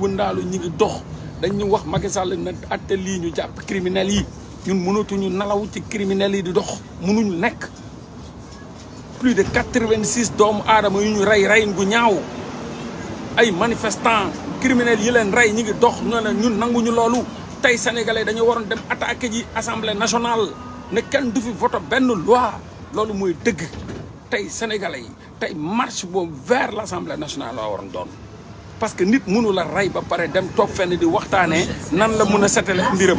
wëndaalu ñi ngi dox dañu ñu wax Macky Sall na atte lii ñu jàpp criminels yi ñun mënatuñu nalaw ci criminels yi di dox munuñu nekk plus de quatre-vingt-six doomu aadama yu ñu rey reyin gu ñaaw ay manifestant criminels yi leen rey ñi ngi dox ñoo ne ñun nanguñu loolu tey sénégalais dañu waroon dem attaquer ji assemblée nationale ne kenn du fi voté benn loi loolu mooy dëgg tey sénégalais yi tey marche boobu vers l' assemblée nationale laa waroon doon parce que nit mënula rey ba pare dem toog fenn di waxtaanee nan la mun a setale mbiram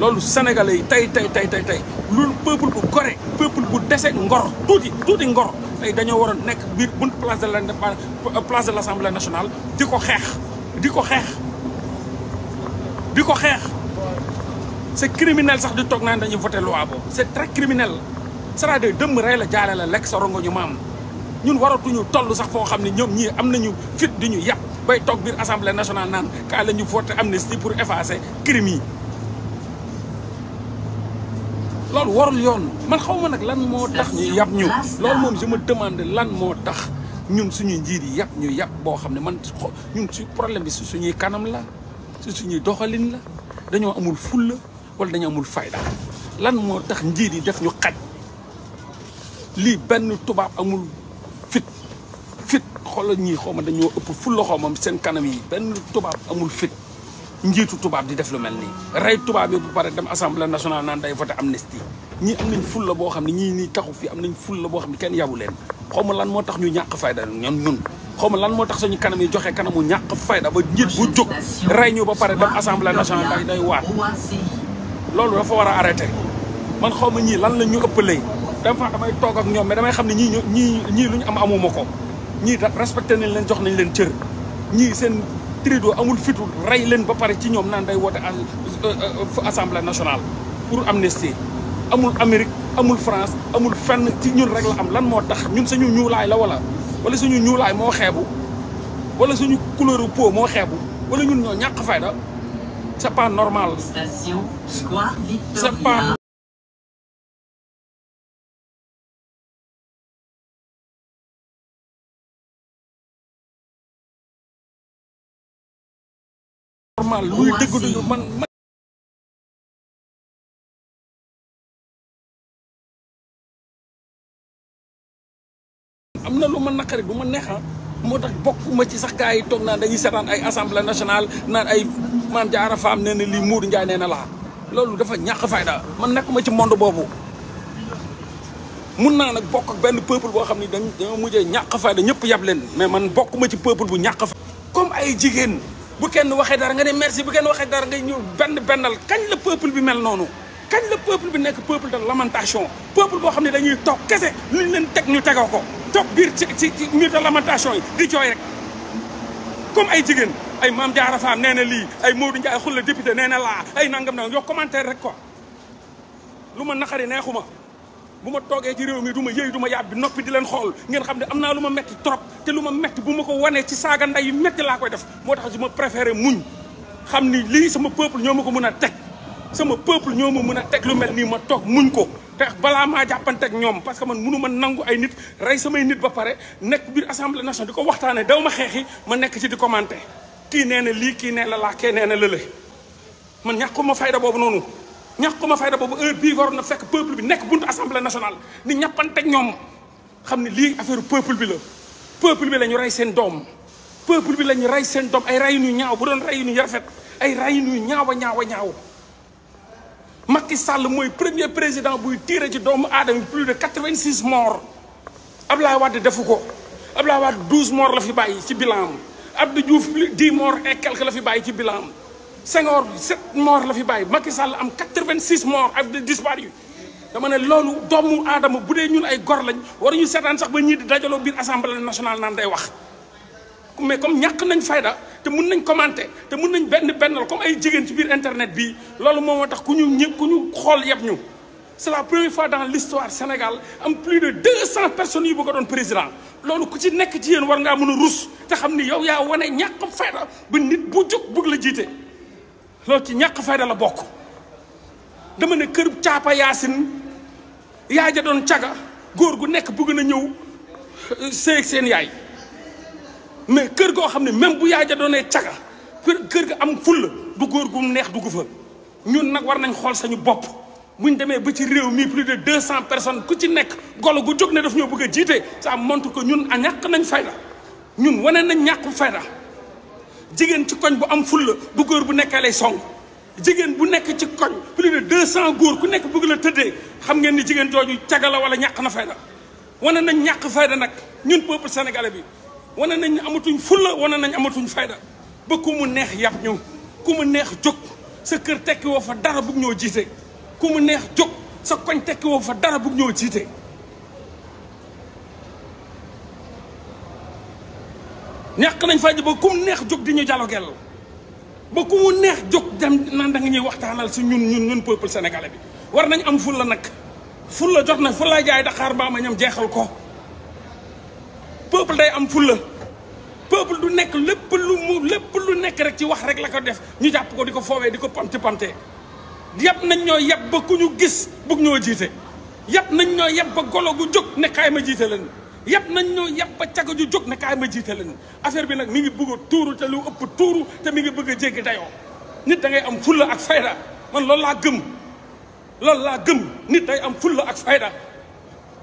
loolu sénégalais yi tey tey tey tey tey loolu peuple bu gore peuple bu dese ngor tuuti tuuti ngor tey dañoo war a nekk biir bunt place de la place de l' assemblée nationale di ko xeex di ko xeex di ko xeex c' est sax di toog naan dañuy voté loi boobu c' est très criminel c'est-à-dire la jaale lekk sa rongo ñu maam ñun waratuñu toll sax foo xam ne ñoom ñii am nañu fit di ñu yàpp bay toog biir assemblée nationale naan kaa la ñu voté amnistie pour effacer crime yi loolu warul yoon man xaw ma nag lan moo tax ñu yàpp ñu loolu moom je me demande lan moo tax ñun suñuy njiir yi yàpp ñu yàpp boo xam ne man ñun su problème bi su suñuy kanam la si suñuy doxalin la dañoo amul fulla wala dañoo amul fayda lan moo tax njiir yi def ñu xaj lii benn tubaab amul fit fit xoolal ñii xaw ma dañoo ëpp fulla xaw ma seen kanam yi benn tubaab amul fit njiitu tubaab di def lu mel nii. rey tubaab yi bu pare dem assemblée nationale naan day voté amnistie ñii am nañ fulla boo xam ne ñii nii taxu fi am nañ fulla boo xam ne kenn yabu leen xaw ma lan moo tax ñu ñàkk fayda ñoom ñun. xaw ma lan moo tax suñu kanam yi joxe kanamu ñàkk fayda ba njiit bu jóg rey ñu ba pare dem assemblée nationale day waat loolu dafa war a arrêté man xaw ma ñii lan lañ ñu ëpp ëppalee. dafa damay toog ak ñoom mais damay xam ne ñii ñii ñii lu ñu am amuma ko. ñii respecté nañ leen jox nañ leen cër ñii seen trido amul fitul rey leen ba pare ci ñoom naan day woote euh, euh, assemblée nationale pour amnistie amul Amérique amul France amul fenn ci ñun rek la am lan moo tax ñun suñu ñuulaay la wala wala suñu ñuulaay moo xeebu wala suñu couleur peau moo xeebu wala ñun ñoo ñàkk la c'est pas normal c'est pas normal luy dëgg man man am na lu ma naqari du ma neexa ah, moo tax bokkuma ci sax gars yi toog naan dañuy seetaan ay assemblée nationale naan ay Mame Diarra Fam nee na lii Modou Ndiaye na laa loolu dafa ñàkk fayda man nekkuma ci monde boobu mun naa nag bokk ak benn peuple boo xam ni dañ dañoo mujjee ñàkk fayda ñëpp yab leen mais man bokkuma ci peuple bu ñàq fayda comme ay jigéen bu kenn waxee dara nga ne merci bu kenn waxee dara nga ñëw benn bennal kañ la peuple bi mel noonu kañ la peuple bi nekk peuple de lamentation peuple boo xam ne dañuy toog kese luñ leen teg ñu tegoo ko toog biir ci ci mur de lamentation yi di jooy rek comme ay jigéen ay maam Diarra Fam nee na lii ay moodu Ndiaye xul la député nee na laa ay nangam nangam yow commentaire rek ko lu ma naqari neexuma bu ma toogee ci réew mi duma ma yëy du ma noppi di leen xool ngeen xam ne am naa lu ma metti trop te lu ma metti bu ma ko wanee ci saaga nday yu metti laa koy def moo tax su ma préféré muñ xam ni lii sama peuple ñoo ma ko mën a teg sama peuple ñoo ma mën a teg lu mel ma toog muñ ko te balaa maa jàppanteeg ñoom parce que man mënu ma nangu ay nit rey samay nit ba pare nekk biir assemblée nationale di ko waxtaanee daw ma xeexi ma nekk ci di commenté kii nee na lii kii nee na laa kee nee na lële man ma fayda boobu noonu ñax ñàkkuma fayda boobu heure bii waroon na fekk peuple bi nekk buntu assemblée nationale ni ñàppanteeg ñoom xam ne lii affaire peuple bi la. peuple bi la ñu rey seen doom peuple bi la ñu rey seen doom ay rey nu ñaaw bu doon rey nu rafet ay rey nu ñaaw a ñaaw a ñaaw. Macky mooy premier président buy tiire ci doomu aadama plus de quatre-vingt-six morts Ablaye Wade defu ko Ablaye Wade douze morts la fi bàyyi ci bilan am Abdou Diouf dix morts et quelques la fi bàyyi ci bilan Senghor sept morts la fi bàyyi Macky Sall am quatre-vingt-six morts ak des disparus dama loolu doomu aadama bu dee ñun ay gor lañ waruñu seetaan sax ba ñii di dajaloo biir assemblée nationale naan day wax. mais comme ñàkk nañ fayda te mun nañ commenter te mun nañ benn bennal comme ay jigéen ci biir internet bii loolu moom moo tax ku ñu ñu xool yëpp ñu. c'est fois dans l'histoire Sénégal am plus de deux cent personnes yu bëgg a doon président loolu ku ci nekk ci yéen war ngaa mën a rus te xam ni yow yaa wane ñàkk fayda ba nit bu jóg bëgg la jiite. loolu ci ñàkk fayda la bokk dama ne kër caapa yaasin yaay ja doon caga góor gu nekk bugg na ñëw euh, seeg seen yaay mais kër goo xam ne même bu yaay ja doonee caga kër gi am fulla du góor gu neex dugg fa ñun nag war nañ xool sañu bopp buñ demee ba ci réew mi plus de deux cent personnes ku ci nekk golo gu jóg ne daf ñoo bëgg a jiite ça montre que ñun a ñàkk nañ fayda ñun wane nañ ñàkk fayda jigéen ci koñ bu am fulla bu góor bu nekkalee lay song jigéen bu nekk ci koñ plus de deux cent góor ku nekk bëgg la tëddee xam ngeen ni jigéen jooju caga la wala ñàkk na fayda wane nañ ñàkk fayda nag ñun peuple sénégalais bi wane nañ amatuñ fulla wane nañ amatuñ fayda ba ku mu neex yàpp ñëw ku mu neex jóg sa kër tekki woo fa dara bugg ñoo jiite ku mu neex jóg sa koñ tekki woo fa dara bugg ñoo jiite ñàkk nañ fa faj ba kum neex jóg di ñu dialoguel ba ku mu neex jóg dem naan da nga ñuy waxtaanal si ñun ñun ñun peuple bi war nañ am fulla nag fulla jot na fulla jaay Dakar ba a ñam jeexal ko peuple day am fulla peuple du nekk lépp lu mu lépp lu nekk rek ci wax rek la ko def ñu jàpp ko di ko foowee di ko pamte pamte yàpp nañ ñoo yàpp ba ku ñu gis bugg ñoo jiite yàpp nañ ñoo yàpp ba golo gu jóg ne kaay ma jiite leen yàpp nañ ñoo yàpp ba caga ju jóg ne kaay ma jiite leen affaire bi nag mi ngi bëgg a tuuru te lu ëpp tuuru te mi ngi bëgg a jéggi dayoo nit da ngay am fulla ak fayda man loolu laa gëm loolu laa gëm nit day am fulla ak fayda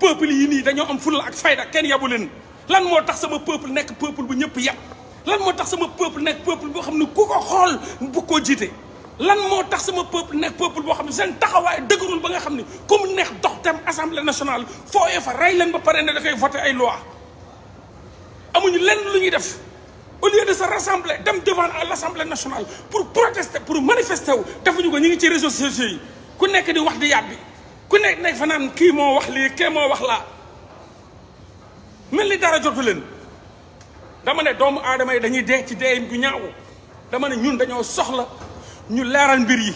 peuple yi nii dañoo am fulla ak fayda kenn yabu leen lan moo tax sama peuple nekk peuple bu ñëpp yàpp lan moo tax sama peuple nekk peuple boo xam ne ku ko xool bu ko jiite lan moo tax sama peuple nekk peuple boo xam ne seen taxawaay dëgërul ba nga xam ne comme neex dox dem assemblée nationale fooyee fa rey leen ba pare ne da koy voté ay loi amuñu lenn lu ñuy def au lieu de se rassembler dem devant à l' assemblée nationale pour protester pour manifester wu defuñu ko ñu ngi ci réseaux sociaux yi ku nekk di wax di yàbbi ku nekk nekk fanaan kii moo wax lii kii moo wax laa mel ni dara jotu leen dama ne doomu aadama yi dañuy dee ci deeyam gu ñaaw dama ne dañoo soxla. ñu leeral mbir yi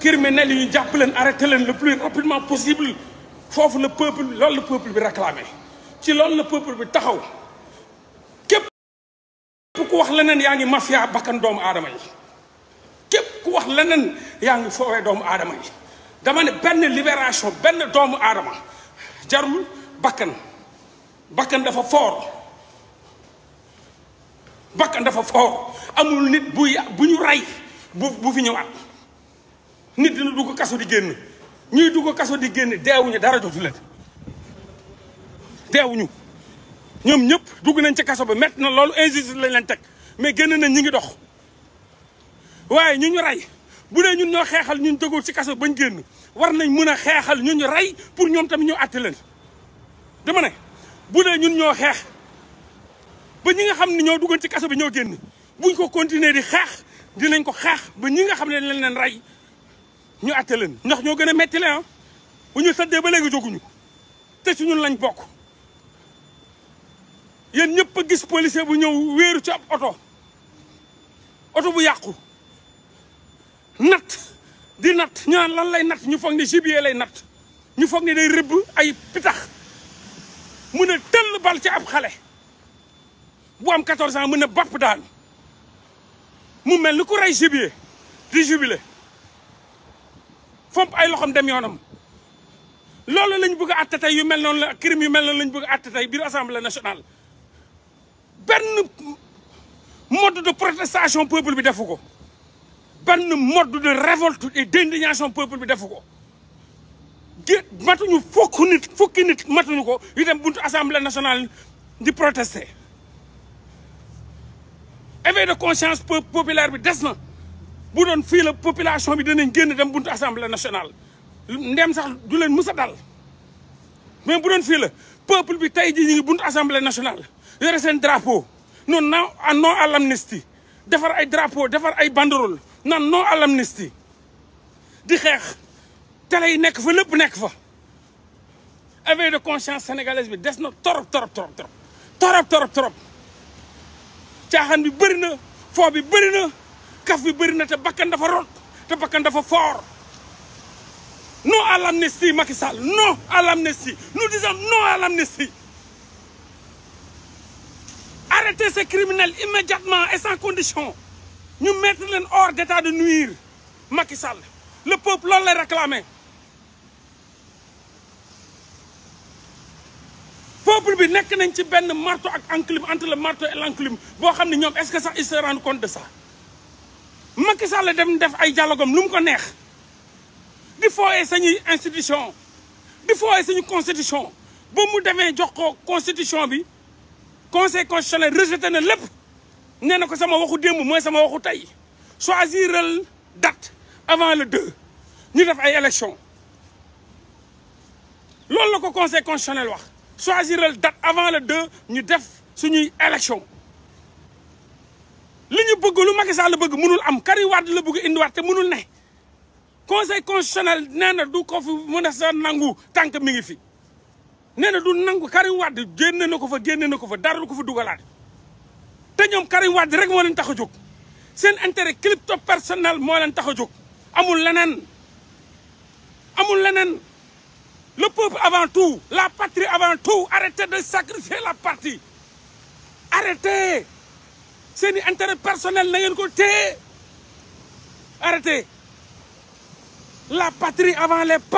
criminels yi ñu jàpp leen arrêté leen le plus rapidement possible foofu la peuple lool la peuple bi réclamé ci loolu la peuple bi taxaw képp ku wax leneen yaa ngi mafia bakkan doomu aadama yi képp ku wax leneen yaa ngi foowee doomu aadama yi dama ne benn libération benn doomu aadama jarul bakkan bakkan dafa foor bakkan dafa foor amul nit bu bu ñu rey bu bu fi ñëwaat nit dina dugg kaso di génn ñuy dugg kaso di génn deewuñu dara jotu leen deewuñu ñoom ñëpp dugg nañ ci kaso bi mett na loolu injustice lañ leen teg mais génn nañ ñu ngi dox waaye ñu ñu rey bu dee ñun ñoo xeexal ñun jógul ci kaso bañ génn war nañ mën a xeexal ñu ñu rey pour ñoom tamit ñu àtte dama ne bu dee ñun ñoo xeex ba ñi nga xam ne ñoo duggoon ci kaso bi ñoo génn buñ ko continuer di xeex dinañ ko xaax ba ñi nga xam ne leen leen rey ñu atte leen ndax ñoo gën a metti la ah. bu ñu tëddee ba léegi jóguñu te ci ñun lañ bokk yéen ñëpp a gis policier bu ñëw wéeru ci ab oto oto bu yàqu nat di natt ñu naan lan lay natt ñu foog ne gibier lay nat ñu foog ne day rëbb ay pitax mu ne tëll bal ci ab xale bu am 14 ans mu ne bapp daal mu mel ni ku rey gibier di jubilé fomp ay loxam dem yoonam loolu lañ bëgg a àtte yu mel noonu la crime yu mel noonu lañ bëgg a àtte tey biir assemblée nationale benn mode de protestation peuple bi defu ko benn mode de révolte et d'indignation peuple bi defu ko gé matuñu fukk nit nit matuñu ko yu dem buntu assemblée nationale di protester éveil de conscience populaire bi des na bu doon fii la population bi danañ génn dem buntu assemblée nationale ndem sax du leen mus a dal mais bu doon fii la peuple bi tey jii ñu ngi buntu assemblée nationale yore seen drapeau noonu non non à l'amnistie defar ay drapeau defar ay banderole nan non à l'amnistie di xeex télé yi nekk fa lépp nekk fa éveil de conscience sénégalaise bi des na trop trop torop torop torop torop caaxaan bi bëri na foo bi bëri na kaf bi bëri na te bakkan dafa rot te bakkan dafa fort non à l'amnistie Macky Sall non à l'amnistie nous disons non à l'amnistie arrêtez ces criminels immédiatement et sans condition ñu mettre leen hors d'état de nuire Macky Sall le peuple loolu lay réclamer peuple bi nekk nañ ci benn marteau ak enclume entre le boo xam ne ñoom est-ce que sax ils se rendent compte de ça Macky dem def ay dialogue lu mu ko neex di fooyee sañuy institution di fooyee sañu constitution ba mu demee jox ko constitution bi conseil constitutionnel rejeté na lépp nee na ko sama waxu démb mooy sama waxu tey choisiral date avant le 2 ñu def ay élection loolu la ko conseil constitutionnel wax choisiral date avant le 2 ñu def suñuy élection li ñu bëgg lu Macky Sall la bëgg mënul am Karim Wade la bugg indiwaat te mënul ne conseil constitutionnel nee na du ko fi mën a sa nangu tànk mi ngi fi nee na du nangu Karim Wade génne na ko fa génne na ko fa dara ko fa dugalaat te ñoom Karim Wade rek moo leen tax a jóg seen intérêt crypto personnel moo leen tax a jóg amul leneen amul leneen le peuple avant tout la patrie avant tout arrêtez de sacrifier la patrie arrêtez seeni intérêt personnel na ngeen ko téye arrêtez la patrie avant les